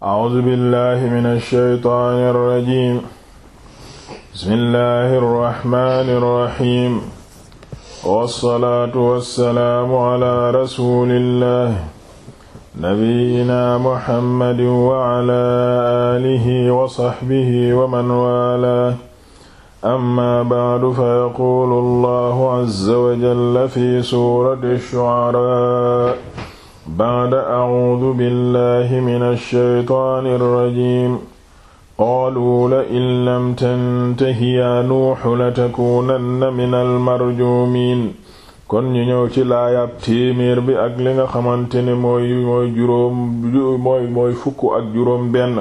A'uuzu billahi mina shaytaani rajiim. Bismillahi rahmaani rahiim. Wassalaatu wassalaamu ala rasuulillahi nabiyyina Muhammadin wa ala aalihi wa sahbihi wa man waalaahu. Amma ba'du fa yaquulu Allahu azza wa jalla fi suurati shu'araa. bacda acuudu billahi min alshaytaani alrajim qaaluu la in lam tantahi yaa nuuxu latakuunanna min almarjuumiin kon ñu ñëw ci laayab téeméer bi ak li nga xamante ne mooy mooy juróom mooy mooy fukk ak juróom benn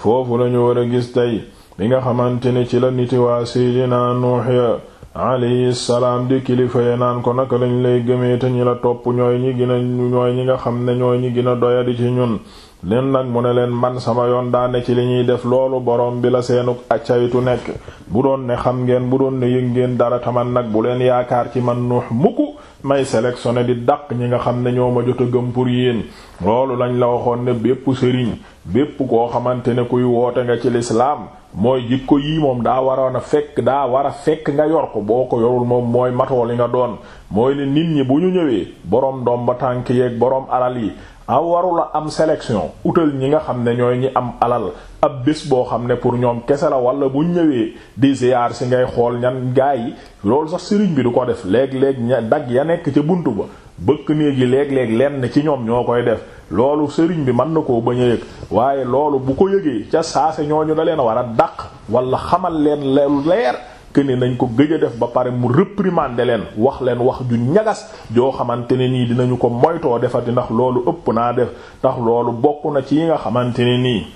foofu lañu war a gis tey li nga xamante ne ci la niti waa seydinaa nuux ya alayhi salaam di kilifa ya naan ko naka lañ lay gëmmee te ñi la topp ñooy ñi gën a ñooy ñi nga xam ne ñooy ñi gën a doyadi ci ñun leen nag mu ne leen man sama yoon daane ci li ñuy def loolu borom bi la seenuk accaytu nekk bu doon ne xam ngeen bu doon ne yëg ngeen dara taman nag bu leen yaakaar ci man nuux mukk may sélectionné di dàq ñi nga xam ne ñoo ma jot a gëm pour yéen loolu lañ la waxoon ne bépp sëriñ bépp koo xamante ne kuy woote nga ci lislaam mooy jikko yii moom daa waroon a fekk daa war a fekk nga yor ko boo ko yorul moom mooy matoo li nga doon mooy ne nit ñi bu ñu ñëwee boroom doom ba tànk yeeg boroom alal yi aw warula am sélection utal ñi nga xam ne ñooy ñi am alal ab bés boo xam ne pour ñoom kese la wala bu ñëwee di ziyaar si ngay xool ñan gaa yi loolu sax sëriñ bi du ko def léeg-léeg ña dag ya nekk ca buntu ba bëkk néeg yi léeg-léeg lenn ci ñoom ñoo koy def loolu sëriñ bi mën na koo bañ a yëg waaye loolu bu ko yëgee ca saase ñooñu da leen a war a dàq wala xamal leen leer këne nañ ko gëj a def ba pare mu réprimander leen wax leen wax ju ñagas joo xamante ne nii dinañu ko moytoo defar di ndax loolu ëpp naa def ndax loolu bokk na ci yi nga xamante ne nii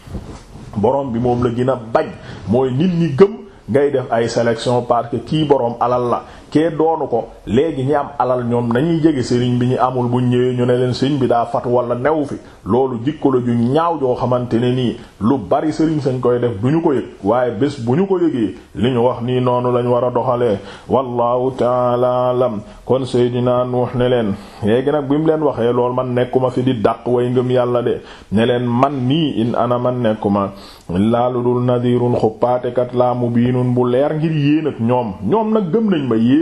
borom bi moom la gën a bañ mooy nit ñi gëm ngay def ay sélection parce que kii borom alal la kee doonu ko léegi ñi am alal ñoom nañuy jege sëriñ bi ñu amul bu ñëwee ñu ne leen sëriñ bi daa fatu wala new fi loolu jikko la ju ñaaw joo xamante ne nii lu bari sëriñ sañ koy def du ñu ko yëg waaye bés bu ñu ko yëgee li ñu wax nii noonu lañ war a doxalee wallahu taala alam kon Seydina Nuux ne leen léegi nag bi mu leen waxee loolu man nekkuma fi di dàq way ngëm yàlla de ne leen man nii in ana man nekkuma laalu dul nadirun xupaatekat laa mu biinun bu leer ngir yéen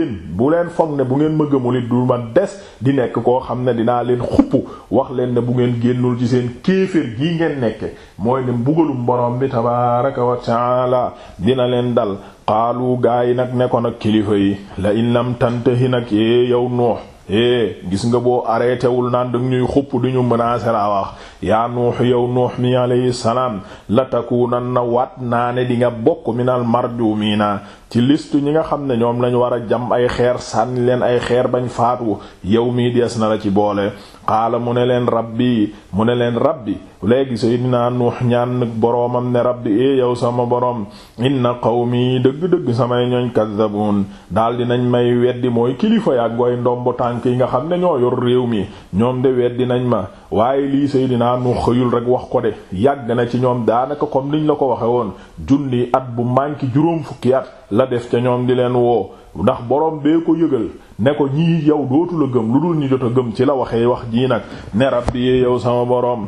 bu leen foog ne bu ngeen ma gëmul it du ma des di nekk koo xam ne dinaa leen xupp wax leen ne bu ngeen génnul ci seen kéeféer gii ngeen nekke mooy ne mbugalum borom bi tabaraka wa taala dina leen dal xaalu gaa yi nag nekkoon ak kilifa yi la in lam tantahi nag e yow nuux eh gis nga boo arrêté wul naan danga ñuy xupp du ñu menacer la wax yaa nuux yow nuux mi alayhi salaam la takunan na waat naa ne bokk mi bokk minal marjumiina ci liste ñi nga xam ne ñoom lañ war a jam ay xeer sànni leen ay xeer bañ faatu yow mii dees na la ci boole xaala mu ne leen rab bi mu ne leen rab bi léegi sayidina nuux ñaan nag boroomam ne rabbi e yow sama boroom inna mii dëgg-dëgg samay ñooñ kazzabun daal di nañ may weddi mooy kilifa ya goy ndombo tànk yi nga xam ne ñoo yor réew mi ñoom de weddi nañ ma waaye lii sayidina nuux xëyul rek wax ko de yàgg na ci ñoom daanaka comme liñu la ko waxe woon junni at bu manki juróom fukki at la def ca ñoom di leen woo ndax boroom bee ko yëgal ne ko ñii yow dootu la gëm lu dul ñu jot a gëm ci la waxe wax jii nag ne rabbi yow sama boroom borom.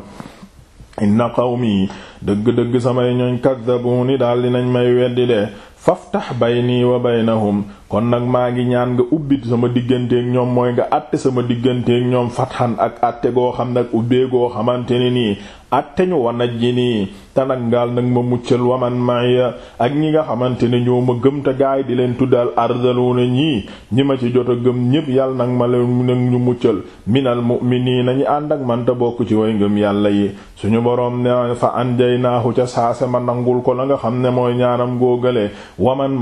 xaw qawmi dëgg-dëgg samay ñooñ kaddabuuni daal dinañ may weddi de faftax bayni wa baynahum kon nag maa ngi ñaan nga ubbit sama digganteeg ñoom mooy nga àtte sama digganteeg ñoom fatxan ak àtte goo xam ne ak ubbee goo xamante ne nii àtte ñu wana ji nii te nag ngaal nag ma muccal waman maya ak ñi nga xamante ne ñoo ma gëm te gaay di leen tuddal ardalu na ñii ñi ma ci jot a gëm ñépp yàlla nag ma leen nag ñu muccal minal mu'minina ñi ànd ak man te bokk ci way ngëm yàlla yi suñu boroom ne fa anjaynaahu ca saase ma nangul ko la nga xam ne mooy ñaaram góogale waman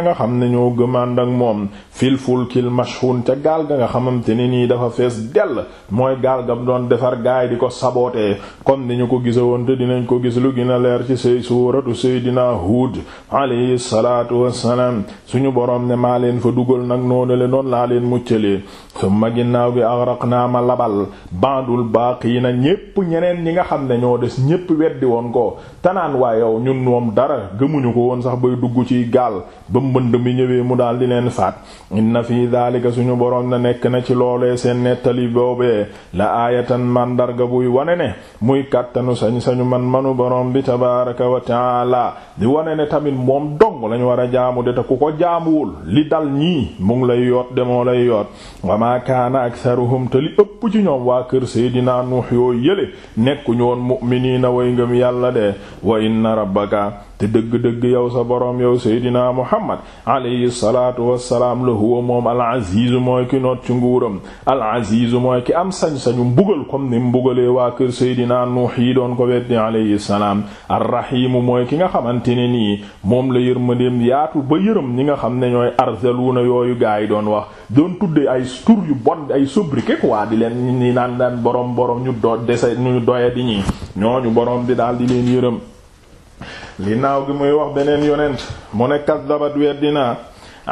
nga xam ne dañoo gëmand ak moom fil fulkil mashhun ca gaal ga nga xamante ne nii dafa fees dell mooy gaal gam doon defar gaay di ko sabootee comme ni ñu ko gisa woon te dinañ ko gis lu gën a leer ci say suuratu seydina Huud alayhi salaatu wassalaam suñu boroom ne maa leen fa dugal nag noonu le noonu laa leen muccalee summa ginnaaw gi naa ma labal baax bandul baaqiina ñépp ñeneen ñi nga xam ne ñoo des ñépp weddi woon ko tanaan waa yow ñun moom dara gëmuñu ko woon sax bay dugg ci gaal ba mbënd mi bi mu daal di leen faat inna fii daalika suñu boroom na nekk na ci loolee seen nettali boobee la aayatan màndarga buy wane ne muy kàttanu sañ sañu man manu boroom bi tabaaraka wa taala di wane ne tamit moom dong lañu war a jaamu de te ku ko jaamuwul li dal ñii mu ngi lay yoot de moo lay yoot wa maa kaana aksaruhum te ëpp ci ñoom waa kër Seydina Nuux yoo yële nekkuñu woon mu'miniina way ngëm yàlla de wa inna rabbaka te dëgg-dëgg yow sa boroom yow seydinaa muhammad alayhi salaatu wassalaam la huwa moom al-aziz mooy ki noot ci nguuram al-aziz mooy ki am sañ-sañu mbugal ko ni mbugalee waa kër seydinaa nuux yi doon ko weddi alayhi salaam ar-rahiimu mooy ki nga xamante ne nii moom la yërmandeem yaatu ba yërëm ñi nga xam ne ñooy arzaluuna yooyu gaay doon wax doon tudde ay tur yu bon ay sobriquet quoi di leen ni naan daan boroom boroom ñu do dese ñu doye di ñi ñooñu boroom bi daal di leen yërëm ginnaaw gi muy wax beneen yonent mu ne kaddabat weddina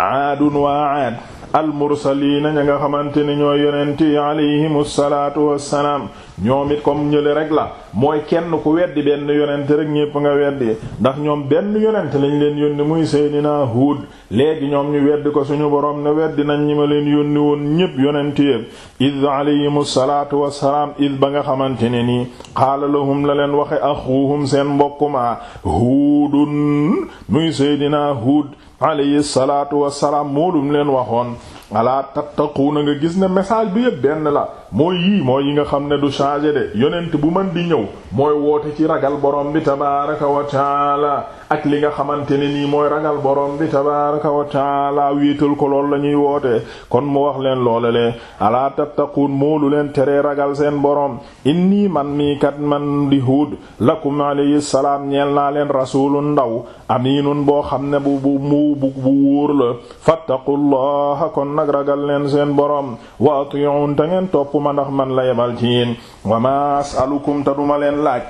aadun waa aad almursaliina ña nga xamante ne ñooy yonent yi alayhimu salaatu wassalaam ñoom it comme ñële rek la mooy kenn ku weddi benn yonent rek ñépp nga weddi ndax ñoom benn yonent lañ leen yónni muy Seydina Huud léegi ñoom ñu weddi ko suñu boroom ne weddi nañ ñi ma leen yónni woon ñépp yonent yépp id alayhimu salaatu wassalaam id ba nga xamante ne nii qaala lahum la leen waxe axuuhum seen mbokkuma Huudun muy Seydina Huud alayhi salaatu wassalaam moolum leen waxoon xam um, alaa a nga gis ne message bi yëpp benn la mooy yii mooy yi nga xam ne du changé de yonent bu mën di ñëw mooy woote ci ragal borom bi tabaraka wa taala ak li nga xamante ne nii mooy ragal borom bi tabaraka wa taala wéetal ko lool la ñuy woote kon mu wax leen loole lee alaa tattaquun moolu leen tere ragal seen borom nii man mii kat man di huud lakum alayhi salaam ñeel naa leen rasulun ndaw aminun boo xam ne bu mu bu bu wóor la fattaqullaha kon nag ragal leen seen borom wa ati'un te ngeen topp ma ndax man la yemal ci yéen wa ma as'alukum te duma leen laaj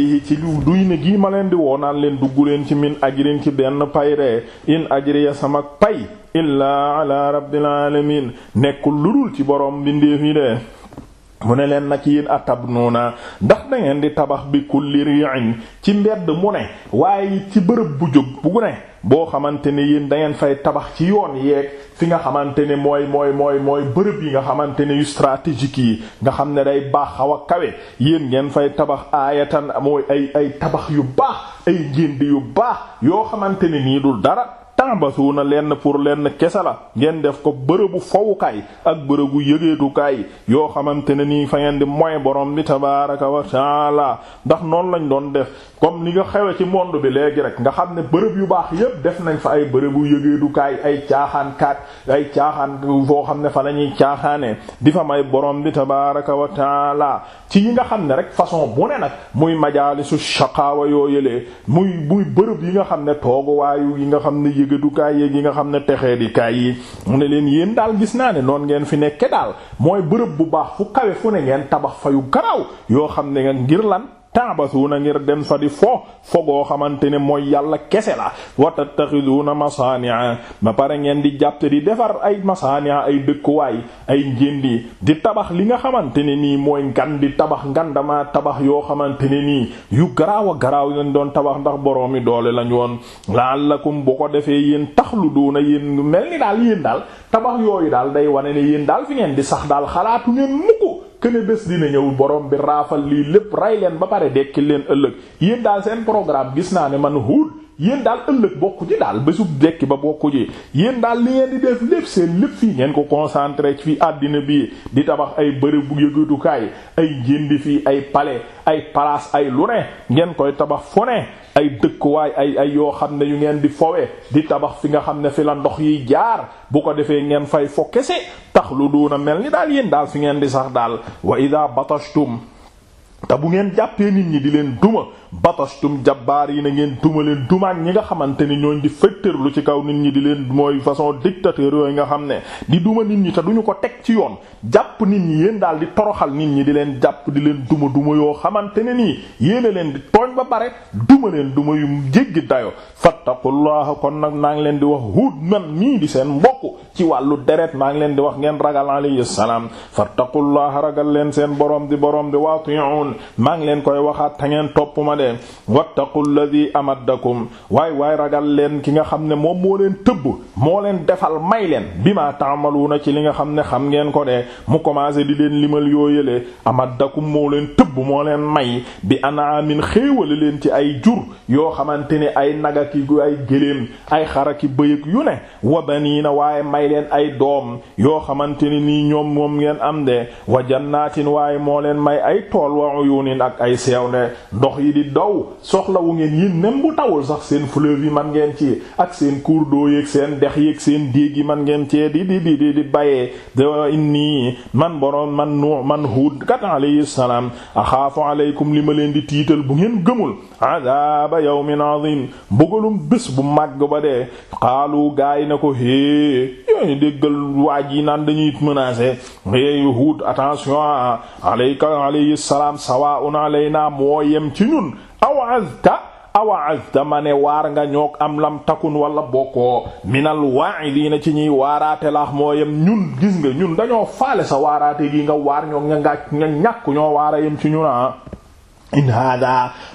yi ci lu duy ne gii ma leen di woo naan leen dugg leen ci min ajrin ci benn pay ree in ajriya sama pay illaa ala rabbil alamin nekkul ludul ci borom bindeef yi de mu ne leen nag yéen noona ndax da ngeen di tabax bi kulli ri'in ci mbedd mu ne waaye ci bërëb bu jóg bu ne boo xamante ne yéen da ngeen fay tabax ci yoon yeeg fi nga xamante ne mooy mooy mooy mooy bërëb yi nga xamante ne yu stratégique yi nga xam ne day baax xaw a kawe yéen ngeen fay tabax aayatan mooy ay ay tabax yu baax ay ngéndi yu baax yoo xamante ne nii dul dara tambasuuna lenn pour lenn kese la ngeen def ko bërëbu fowukaay ak bërëbu yëgeetukaay yoo xamante ne nii fa ngeen di mooy boroom bi tabaaraka wa taala ndax noonu lañ doon def comme ni nga xewe ci monde bi léegi rek xam ne bërëb yu baax yépp def nañ fa ay bërëbu yëgeetukaay ay caaxaan ay caaxaan foo xam ne fa la ñuy di fa may borom bi tabaaraka wa taala ci yi nga xam ne rek façon bu ne nag muy majaalisu shaqaawa yoo yëlee muy muy bërëb yi nga xam ne tooguwaayu yi nga xam ne yëgatukaay yeeg yi nga xam ne texee di kaay yi mu ne leen yéen daal gis naa ne noon ngeen fi nekke daal mooy bërëb bu baax fu kawe fu ne ngeen tabax fa yu garaaw yoo xam ne ngeen ngir lan na ngir dem fa di fo fogoo xamante ne mooy yàlla kese la wa tattaxiduuna masaania ba pare ngeen di jàpte di defar ay masaania ay dëkkuwaay ay njéndi di tabax li nga xamante ne nii mooy ngan di tabax ngan dama tabax yoo xamante ne nii yu garaaw a garaaw lañ doon tabax ndax boroomi doole lañ woon la la'allakum bu ko defee yéen taxluduuna yéen mel ni daal yéen daal tabax yooyu daal day wane ne yéen daal fi ngeen di sax daal xalaatu ne bés dina ñëw borom bi raafal lii lépp rey leen ba pare dekki leen ëllëg yéen daal seen programme gis naa ne man huud yéen daal ëllëg bokku ci daal bésub dekki ba bokku ci yéen daal li ngeen di def lépp seen lépp fii ngeen ko concentré fii àddina bi di tabax ay bërëb bu yëgatukaay ay njëndi fii ay palais ay palace ay lu ngeen koy tabax fu ay dëkkuwaay ay ay yoo xam ne yu ngeen di fowe di tabax fi nga xam ne fi la ndox yiy jaar bu ko defee ngeen fay fo kese taxluduuna mel ni daal yéen daal fi ngeen di sax daal wa ida batashtum te bu ngeen jàppee nit ñi di leen duma batastum jabbaar yi na ngeen duma leen dumaak ñi nga xamante ni ñooñ di fëttërlu ci kaw nit ñi di leen mooy façon dictateur yooyu nga xam ne di duma nit ñi te duñu ko teg ci yoon jàpp nit ñi yéen daal di toroxal nit ñi di leen jàpp di leen duma duma yoo xamante ne nii yéena leen di tooñ ba bare duma leen duma yu jéggi dayo fattaqullaha kon nag maa ngi leen di wax huud man mii di seen mbokk ci wàllu deret maa ngi leen di wax ngeen ragal alayhi salaam fattaqullaha ragal leen seen borom di borom di waati'un tattaqun maa ngi leen koy waxaat ta ngeen topp ma de wattaqul ladhi amaddakum waay waay ragal leen ki nga xam ne moom moo leen tëbb moo leen defal may leen bi wu na ci li nga xam ne xam ngeen ko de mu commencé di leen limal yooyale amaddakum moo leen tëbb moo leen may bi anaamin xéewale leen ci ay jur yoo xamante ni ay naga ay géléem ay xara ki yu ne wa baniina waaye may leen ay doom yoo xamante ni nii ñoom moom ngeen am de wa jannaatin waaye uyunin ak ay seew ne ndox yi di dow soxlawu ngeen yéen même bu tawul sax seen fleuve yi man ngeen ci ak seen cours d'eau yeeg seen dex yeeg seen déeg yi man ngeen cee di di di di di bayee da inni man boroom man nuux man huud kat alayhi salaam axaafu aleykum li ma leen di tiital bu ngeen gëmul adaaba yawmin azim mbugalum bés bu màgg ba dee xaalu gaay na ko hée yooyu déggal waaj yi naan dañuy menacer hée huud attention alayka alayhi salaam sawaa'un alaynaa moo yem ci ñun awazta awazta ma ne waar nga ñoog am lam takun wala bokkoo minal waa'iliina ci ñuy waaraate laax moo yem ñun gis nga ñun dañoo faale sa waaraate gi nga waar ñoog nga ngàcc nga ñàkk ñoo waara yem ci ñun ah. in hada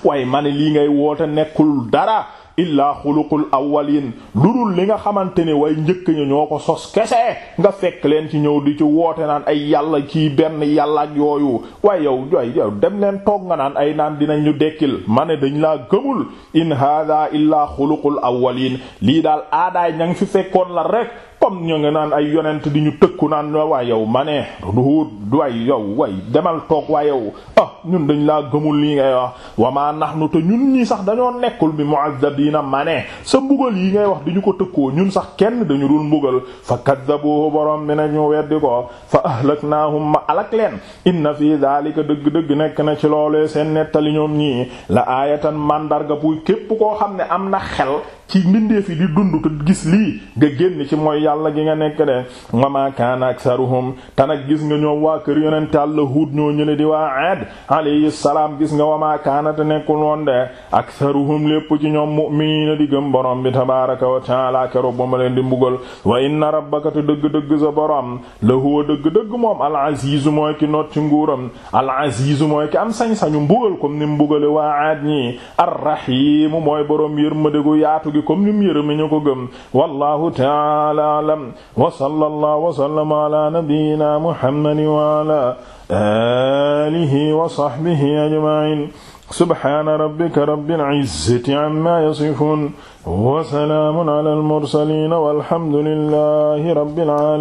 waaye ma lii ngay woote nekkul dara illaa xuluqul awwalin lu dul li nga xamante ni way njëkk ñu ñoo ko sos kese nga fekk leen ci ñëw di ci woote naan ay yàlla kii benn yàlla yooyu waaye yow dem leen toog nga naan ay naan dinañ ñu dekkil ma ne dañu laa gëmul in hada illaa xuluqul awwalin lii daal aadaay ña ngi fi fekkoon la rek comme ñu ngi naan ay yonent di ñu tëkku naan waa yow ma ne du du ay yow way demal toog waa yow ah ñun dañ laa gëmul lii ngay wax wama nahnu te ñun ñii sax dañoo nekkul bi mu mu'azzabina ma ne sa mbugal yi ngay wax di ñu ko tëkkoo ñun sax kenn dañu dul mbugal fa kaddabuhu borom bi ne ñu weddi ko fa ahlaknahum ma alak leen inna fii daalika dëgg-dëgg nekk na ci loolee seen nettali ñoom ñii la aayatan màndarga buy képp koo xam ne am na xel ci mbindeef yi di dund te gis lii nga génn ci mooy yàlla gi nga nekk de wama kaana aksaruhum te nag gis nga ñoom waa kër yonent Yàlla Huud ñoo ñële di waa Aad alayhi gis nga wama kaana te nekkul woon de aksaruhum lépp ci ñoom mu'miniina di gëm borom bi tabaaraka wa ta'aala keroog ba ma leen di mbugal wa inna rabbaka te dëgg-dëgg sa borom la huwa dëgg-dëgg moom al-aziizu mooy ki noot ci nguuram al-aziizu mooy ki am sañ-sañu mbugal comme ni mbugale bi comme ni mu yërëme ñu ko gëm wallahu ta'ala a'lam wa sallallahu wa sallama ala nabiyyina muhammadin wa ala alihi wa sahbihi ajma'in subhana rabbika rabbil izzati amma yasifun wa salamun ala al mursalin walhamdulillahi rabbil alamin